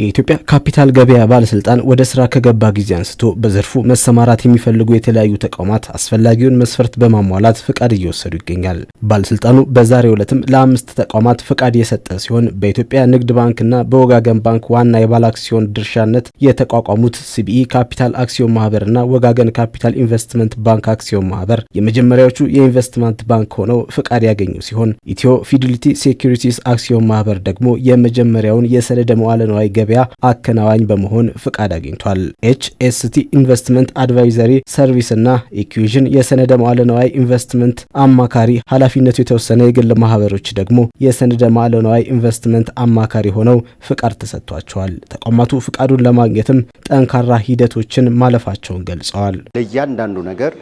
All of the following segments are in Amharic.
የኢትዮጵያ ካፒታል ገበያ ባለስልጣን ወደ ስራ ከገባ ጊዜ አንስቶ በዘርፉ መሰማራት የሚፈልጉ የተለያዩ ተቋማት አስፈላጊውን መስፈርት በማሟላት ፍቃድ እየወሰዱ ይገኛል። ባለስልጣኑ በዛሬው ዕለትም ለአምስት ተቋማት ፍቃድ የሰጠ ሲሆን በኢትዮጵያ ንግድ ባንክና በወጋገን ባንክ ዋና አክሲዮን ድርሻነት የተቋቋሙት ሲቢኢ ካፒታል አክሲዮን ማህበርና ወጋገን ካፒታል ኢንቨስትመንት ባንክ አክሲዮን ማህበር የመጀመሪያዎቹ የኢንቨስትመንት ባንክ ሆነው ፍቃድ ያገኙ ሲሆን ኢትዮ ፊዲሊቲ ሴኩሪቲስ አክሲዮን ማህበር ደግሞ የመጀመሪያውን የሰነደ መዋለ ንዋይ ገበያ አከናዋኝ በመሆን ፍቃድ አግኝቷል። ኤችኤስቲ ኢንቨስትመንት አድቫይዘሪ ሰርቪስ እና ኢኩዥን የሰነደ መዋለ ነዋይ ኢንቨስትመንት አማካሪ ኃላፊነቱ የተወሰነ የግል ማህበሮች ደግሞ የሰነደ መዋለ ነዋይ ኢንቨስትመንት አማካሪ ሆነው ፍቃድ ተሰጥቷቸዋል። ተቋማቱ ፍቃዱን ለማግኘትም ጠንካራ ሂደቶችን ማለፋቸውን ገልጸዋል። ለእያንዳንዱ ነገር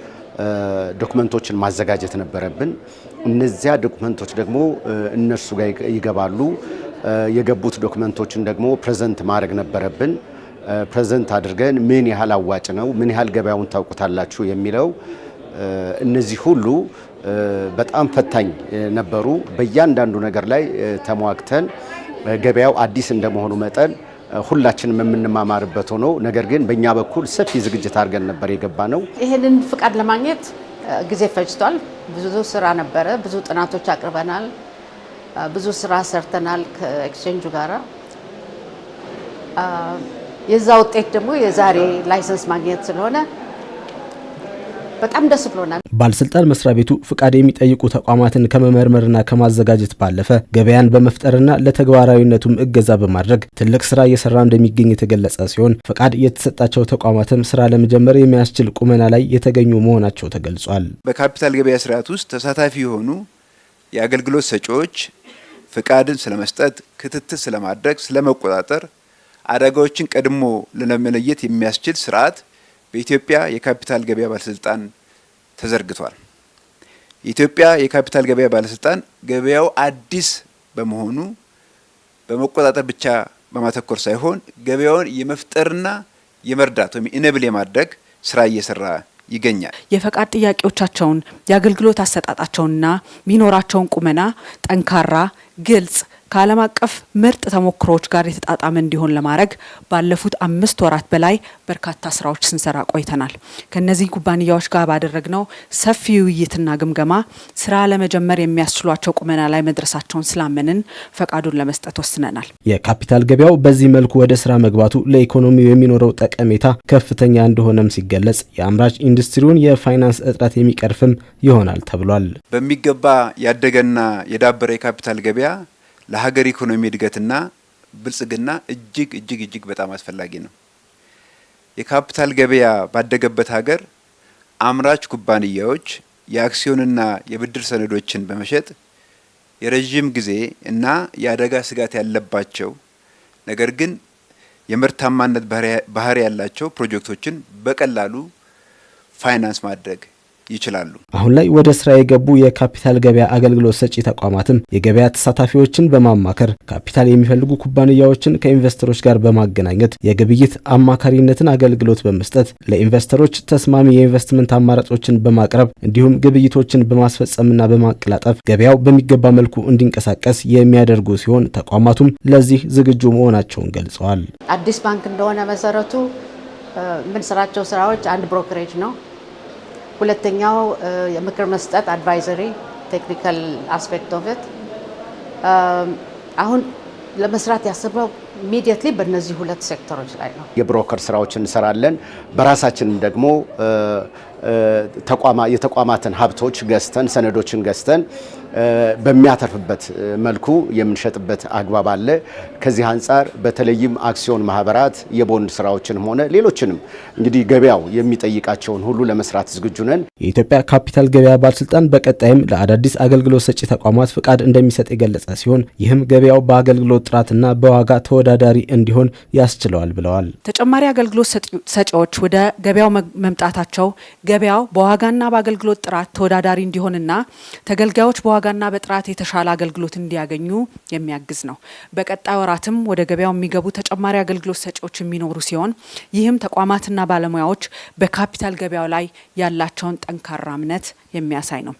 ዶክመንቶችን ማዘጋጀት ነበረብን። እነዚያ ዶክመንቶች ደግሞ እነርሱ ጋር ይገባሉ። የገቡት ዶክመንቶችን ደግሞ ፕሬዘንት ማድረግ ነበረብን። ፕሬዘንት አድርገን ምን ያህል አዋጭ ነው፣ ምን ያህል ገበያውን ታውቁታላችሁ የሚለው እነዚህ ሁሉ በጣም ፈታኝ ነበሩ። በእያንዳንዱ ነገር ላይ ተሟግተን ገበያው አዲስ እንደመሆኑ መጠን ሁላችንም የምንማማርበት ሆኖ ነገር ግን በእኛ በኩል ሰፊ ዝግጅት አድርገን ነበር የገባ ነው። ይህንን ፍቃድ ለማግኘት ጊዜ ፈጅቷል። ብዙ ስራ ነበረ። ብዙ ጥናቶች አቅርበናል። ብዙ ስራ ሰርተናል ከኤክስቼንጁ ጋራ። የዛ ውጤት ደግሞ የዛሬ ላይሰንስ ማግኘት ስለሆነ በጣም ደስ ብሎናል። ባለስልጣን መስሪያ ቤቱ ፍቃድ የሚጠይቁ ተቋማትን ከመመርመርና ከማዘጋጀት ባለፈ ገበያን በመፍጠርና ለተግባራዊነቱም እገዛ በማድረግ ትልቅ ስራ እየሰራ እንደሚገኝ የተገለጸ ሲሆን ፍቃድ የተሰጣቸው ተቋማትም ስራ ለመጀመር የሚያስችል ቁመና ላይ የተገኙ መሆናቸው ተገልጿል። በካፒታል ገበያ ስርዓት ውስጥ ተሳታፊ የሆኑ የአገልግሎት ሰጪዎች ፍቃድን ስለመስጠት፣ ክትትል ስለማድረግ፣ ስለመቆጣጠር አደጋዎችን ቀድሞ ለመለየት የሚያስችል ስርዓት በኢትዮጵያ የካፒታል ገበያ ባለስልጣን ተዘርግቷል። የኢትዮጵያ የካፒታል ገበያ ባለስልጣን ገበያው አዲስ በመሆኑ በመቆጣጠር ብቻ በማተኮር ሳይሆን ገበያውን የመፍጠርና የመርዳት ወይም ኢነብል የማድረግ ስራ እየሰራ ይገኛል። የፈቃድ ጥያቄዎቻቸውን የአገልግሎት አሰጣጣቸውንና ሚኖራቸውን ቁመና ጠንካራ፣ ግልጽ ከዓለም አቀፍ ምርጥ ተሞክሮዎች ጋር የተጣጣመ እንዲሆን ለማድረግ ባለፉት አምስት ወራት በላይ በርካታ ስራዎች ስንሰራ ቆይተናል። ከእነዚህ ኩባንያዎች ጋር ባደረግነው ሰፊ ውይይትና ግምገማ ስራ ለመጀመር የሚያስችሏቸው ቁመና ላይ መድረሳቸውን ስላመንን ፈቃዱን ለመስጠት ወስነናል። የካፒታል ገበያው በዚህ መልኩ ወደ ስራ መግባቱ ለኢኮኖሚው የሚኖረው ጠቀሜታ ከፍተኛ እንደሆነም ሲገለጽ የአምራች ኢንዱስትሪውን የፋይናንስ እጥረት የሚቀርፍም ይሆናል ተብሏል። በሚገባ ያደገና የዳበረ የካፒታል ገበያ ለሀገር ኢኮኖሚ እድገትና ብልጽግና እጅግ እጅግ እጅግ በጣም አስፈላጊ ነው። የካፒታል ገበያ ባደገበት ሀገር አምራች ኩባንያዎች የአክሲዮንና የብድር ሰነዶችን በመሸጥ የረዥም ጊዜ እና የአደጋ ስጋት ያለባቸው ነገር ግን የምርታማነት ባህሪ ያላቸው ፕሮጀክቶችን በቀላሉ ፋይናንስ ማድረግ ይችላሉ። አሁን ላይ ወደ ስራ የገቡ የካፒታል ገበያ አገልግሎት ሰጪ ተቋማትም የገበያ ተሳታፊዎችን በማማከር ካፒታል የሚፈልጉ ኩባንያዎችን ከኢንቨስተሮች ጋር በማገናኘት የግብይት አማካሪነትን አገልግሎት በመስጠት ለኢንቨስተሮች ተስማሚ የኢንቨስትመንት አማራጮችን በማቅረብ እንዲሁም ግብይቶችን በማስፈጸምና በማቀላጠፍ ገበያው በሚገባ መልኩ እንዲንቀሳቀስ የሚያደርጉ ሲሆን ተቋማቱም ለዚህ ዝግጁ መሆናቸውን ገልጸዋል። አዲስ ባንክ እንደሆነ መሰረቱ የምንሰራቸው ስራዎች አንድ ብሮክሬጅ ነው ሁለተኛው የምክር መስጠት አድቫይዘሪ ቴክኒካል አስፔክት ኦፍ ኢት አሁን ለመስራት ያስበው ኢሚዲየትሊ በእነዚህ ሁለት ሴክተሮች ላይ ነው። የብሮከር ስራዎች እንሰራለን። በራሳችንም ደግሞ የተቋማትን ሀብቶች ገዝተን ሰነዶችን ገዝተን በሚያተርፍበት መልኩ የምንሸጥበት አግባብ አለ። ከዚህ አንጻር በተለይም አክሲዮን ማህበራት የቦንድ ስራዎችንም ሆነ ሌሎችንም እንግዲህ ገበያው የሚጠይቃቸውን ሁሉ ለመስራት ዝግጁ ነን። የኢትዮጵያ ካፒታል ገበያ ባለስልጣን በቀጣይም ለአዳዲስ አገልግሎት ሰጪ ተቋማት ፍቃድ እንደሚሰጥ የገለጸ ሲሆን ይህም ገበያው በአገልግሎት ጥራትና በዋጋ ተወ ተወዳዳሪ እንዲሆን ያስችለዋል ብለዋል። ተጨማሪ አገልግሎት ሰጪዎች ወደ ገበያው መምጣታቸው ገበያው በዋጋና በአገልግሎት ጥራት ተወዳዳሪ እንዲሆንና ተገልጋዮች በዋጋና በጥራት የተሻለ አገልግሎት እንዲያገኙ የሚያግዝ ነው። በቀጣይ ወራትም ወደ ገበያው የሚገቡ ተጨማሪ አገልግሎት ሰጪዎች የሚኖሩ ሲሆን ይህም ተቋማትና ባለሙያዎች በካፒታል ገበያው ላይ ያላቸውን ጠንካራ እምነት የሚያሳይ ነው።